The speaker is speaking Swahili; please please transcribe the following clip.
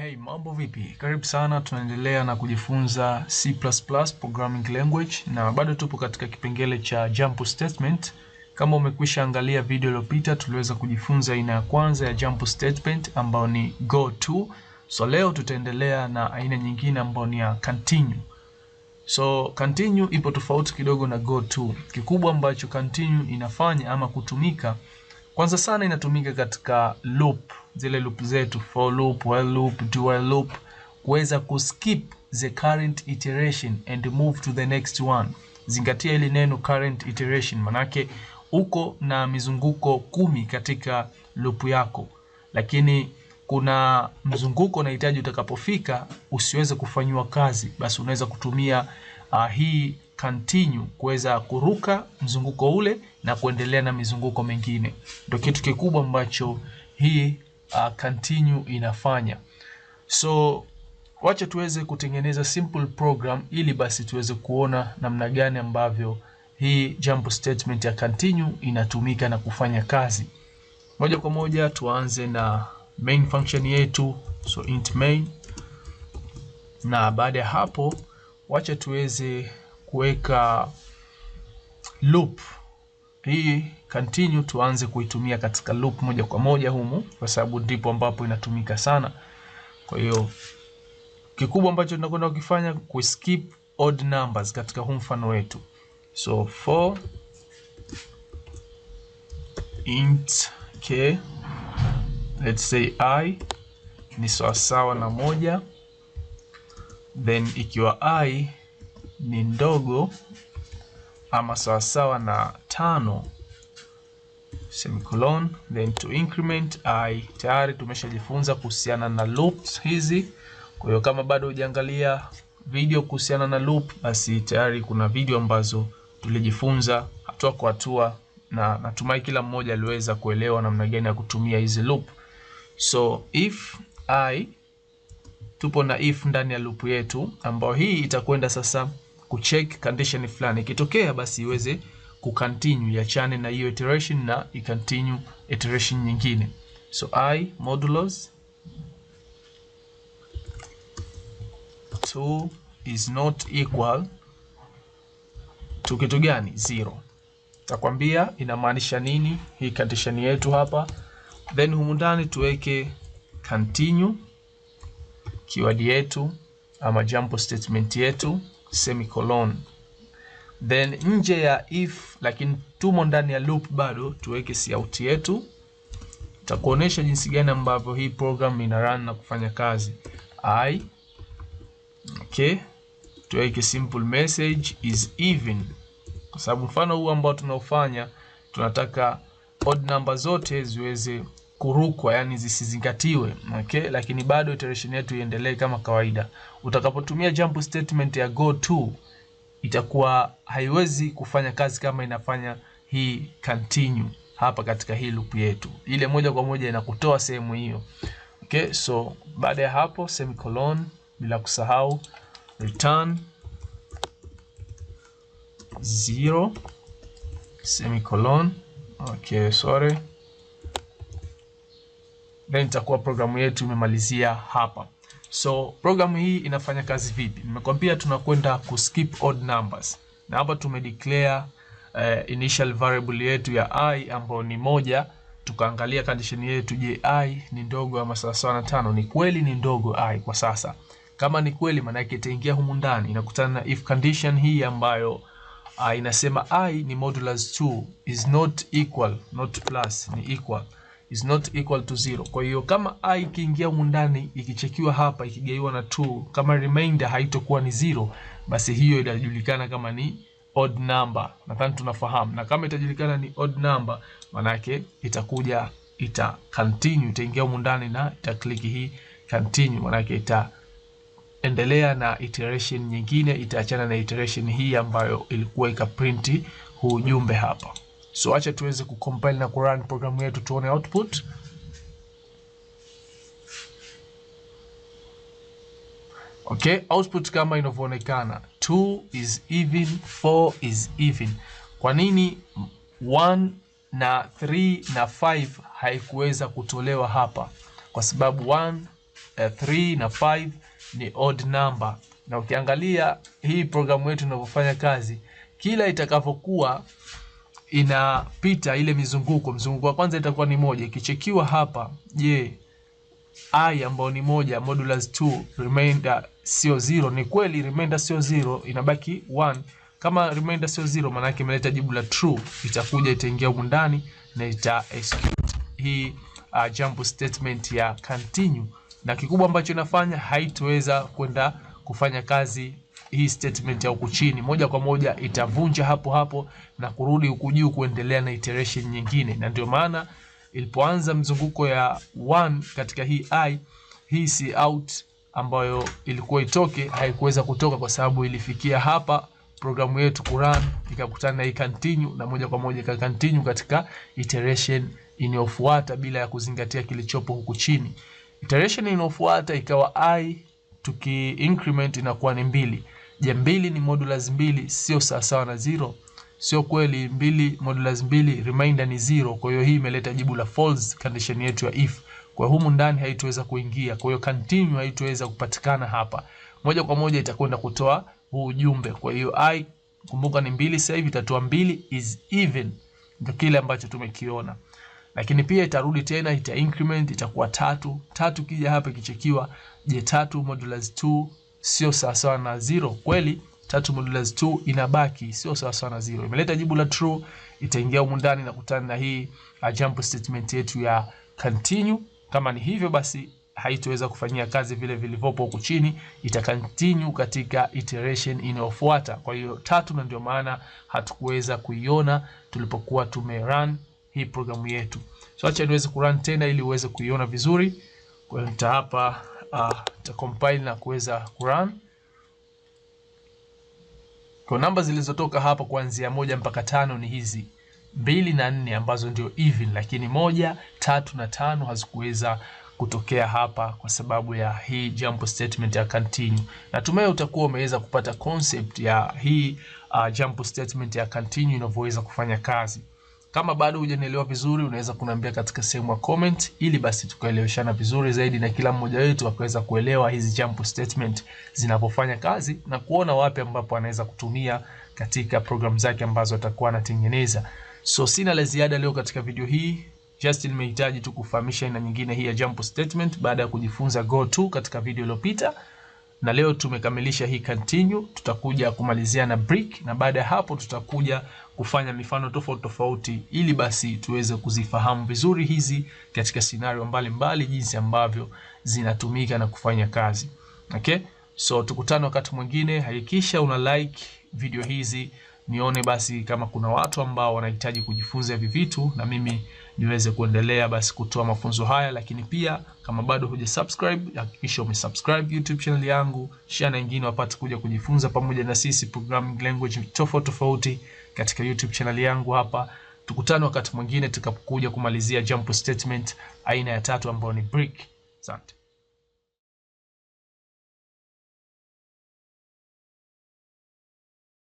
Hey, mambo vipi? Karibu sana, tunaendelea na kujifunza C++ programming language na bado tupo katika kipengele cha jump statement. Kama umekwisha angalia video iliyopita, tuliweza kujifunza aina ya kwanza ya jump statement ambayo ni go to. So leo tutaendelea na aina nyingine ambayo ni ya continue. So continue ipo tofauti kidogo na go to. Kikubwa ambacho continue inafanya ama kutumika kwanza sana inatumika katika loop, zile loop zetu for loop, while loop, do while loop, kuweza kuskip the current iteration and move to the next one. Zingatia ile neno current iteration, manake uko na mizunguko kumi katika loop yako, lakini kuna mzunguko unahitaji utakapofika usiweze kufanyiwa kazi, basi unaweza kutumia uh, hii continue kuweza kuruka mzunguko ule na kuendelea na mizunguko mingine. Ndio kitu kikubwa ambacho hii uh, continue inafanya. So wacha tuweze kutengeneza simple program ili basi tuweze kuona namna gani ambavyo hii jump statement ya continue inatumika na kufanya kazi. Moja kwa moja tuanze na main function yetu, so int main, na baada ya hapo wacha tuweze kuweka loop hii continue, tuanze kuitumia katika loop moja kwa moja humu, kwa sababu ndipo ambapo inatumika sana. Kwa hiyo kikubwa ambacho tunakwenda kukifanya skip odd numbers katika huu mfano wetu, so for int k let's say i ni sawasawa na moja, then ikiwa i ni ndogo ama sawasawa na tano semicolon then to increment i. Tayari tumeshajifunza kuhusiana na loops hizi. Kwa hiyo kama bado hujaangalia video kuhusiana na loop, basi tayari kuna video ambazo tulijifunza hatua kwa hatua, na natumai kila mmoja aliweza kuelewa namna gani ya kutumia hizi loop. So if i, tupo na if ndani ya loop yetu ambayo hii itakwenda sasa kucheck condition fulani, ikitokea basi iweze kucontinue, iachane na hiyo iteration na icontinue iteration nyingine. So i modulus 2 is not equal to kitu gani? Zero. Takwambia inamaanisha nini hii condition yetu hapa, then humu ndani tuweke continue keyword yetu ama jump statement yetu semicolon. Then nje ya if, lakini tumo ndani ya loop bado, tuweke cout yetu. Itakuonesha jinsi gani ambavyo hii program ina run na kufanya kazi. I okay, tuweke simple message is even, kwa sababu mfano huu ambao tunaofanya tunataka odd number zote ziweze kurukwa, yani zisizingatiwe okay, lakini bado iteration yetu iendelee kama kawaida. Utakapotumia jump statement ya go to itakuwa haiwezi kufanya kazi kama inafanya hii continue hapa katika hii loop yetu, ile moja kwa moja inakutoa sehemu hiyo okay. So baada ya hapo semicolon, bila kusahau return zero semicolon. Okay, sorry then itakuwa programu yetu imemalizia hapa. So programu hii inafanya kazi vipi? Nimekwambia tunakwenda ku skip odd numbers, na hapa tume declare uh, eh, initial variable yetu ya i ambayo ni moja. Tukaangalia condition yetu, je, i ni ndogo ama sawasawa na tano? Ni kweli ni ndogo i kwa sasa. Kama ni kweli, maana yake itaingia humu ndani, inakutana na if condition hii ambayo uh, inasema i ni modulus 2 is not equal, not plus, ni equal is not equal to zero. Kwa hiyo kama i ikiingia humu ndani ikichekiwa hapa ikigaiwa na 2 kama remainder haitokuwa ni zero, basi hiyo inajulikana kama ni odd number. Nadhani tunafahamu. Na kama itajulikana ni odd number, manake itakuja ita continue itaingia humu ndani na ita click hii continue, manake ita endelea na iteration nyingine, itaachana na iteration hii ambayo ilikuwa ikaprinti huu ujumbe hapa. So acha tuweze kucompile na kurun programu yetu tuone output. Okay, output kama inavyoonekana 2 is even, 4 is even. Kwa nini 1 na 3 na 5 haikuweza kutolewa hapa? Kwa sababu 1 3 eh, na 5 ni odd number, na ukiangalia hii programu yetu inavyofanya kazi, kila itakapokuwa inapita ile mizunguko. Mzunguko wa kwanza itakuwa ni moja, ikichekiwa hapa, je, i ambayo ni moja modulus 2 remainder sio zero? Ni kweli remainder sio zero, inabaki 1. Kama remainder sio zero, maana yake imeleta jibu la true. Itakuja itaingia huko ndani na ita execute hii uh, jump statement ya continue, na kikubwa ambacho inafanya haitoweza kwenda kufanya kazi hii statement ya huku chini moja kwa moja itavunja hapo hapo na kurudi huku juu kuendelea na iteration nyingine, na ndio maana ilipoanza mzunguko ya 1 katika hii i hii si out ambayo ilikuwa itoke haikuweza kutoka kwa sababu ilifikia hapa programu yetu kuran ikakutana na hii continue, na moja kwa moja ika continue katika iteration inayofuata bila ya kuzingatia kilichopo huku chini. Iteration inayofuata ikawa i tuki increment inakuwa ni mbili. Je, mbili ni modulus mbili sio sawasawa na zero? Sio kweli, mbili modulus mbili remainder ni zero. Kwa hiyo hii imeleta jibu la false condition yetu ya if. Kwa hiyo humu ndani haitoweza kuingia, kwa hiyo continue haitoweza kupatikana hapa. Moja kwa moja itakwenda kutoa huu ujumbe. Kwa hiyo i kumbuka ni mbili, sasa hivi itatoa mbili is even, ndio kile ambacho tumekiona. Lakini pia itarudi tena, ita increment itakuwa tatu. Tatu kija hapa ikichekiwa, je, tatu modulus 2 sio sawasawa na zero. Kweli tatu modulus 2 inabaki sio sawasawa na zero. Imeleta jibu la true, itaingia humu ndani na kutana na hii uh, jump statement yetu ya continue. Kama ni hivyo basi haitoweza kufanyia kazi vile vilivyopo huku chini, ita continue katika iteration inayofuata. Kwa hiyo tatu, na ndio maana hatukuweza kuiona tulipokuwa tume run hii programu yetu. So acha niweze kurun tena ili uweze kuiona vizuri. Kwa hiyo nitahapa uh, na kuweza kurun kwa namba zilizotoka hapa kuanzia moja mpaka tano ni hizi mbili na nne ambazo ndio even, lakini moja, tatu na tano hazikuweza kutokea hapa kwa sababu ya hii jump statement ya continue. Natumai utakuwa umeweza kupata concept ya hii uh, jump statement ya continue inavyoweza kufanya kazi. Kama bado hujanielewa vizuri, unaweza kuniambia katika sehemu ya comment, ili basi tukaeleweshana vizuri zaidi na kila mmoja wetu akaweza kuelewa hizi jump statement zinapofanya kazi na kuona wapi ambapo anaweza kutumia katika program zake ambazo atakuwa anatengeneza. So sina la ziada leo katika video hii. Just nimehitaji tu kufahamisha aina nyingine hii ya jump statement baada ya kujifunza go to katika video iliyopita na leo tumekamilisha hii continue, tutakuja kumalizia na break, na baada ya hapo tutakuja kufanya mifano tofauti tofauti, ili basi tuweze kuzifahamu vizuri hizi katika scenario mbalimbali, jinsi ambavyo zinatumika na kufanya kazi okay. So tukutane wakati mwingine, hakikisha una like video hizi, nione basi kama kuna watu ambao wanahitaji kujifunza hivi vitu na mimi niweze kuendelea basi kutoa mafunzo haya, lakini pia kama bado huja subscribe, hakikisha umesubscribe YouTube channel yangu, share na wengine wapate kuja kujifunza pamoja na sisi programming language tofauti tofauti katika YouTube channel yangu hapa. Tukutane wakati mwingine tukapokuja kumalizia jump statement aina ya tatu ambayo ni break. Asante.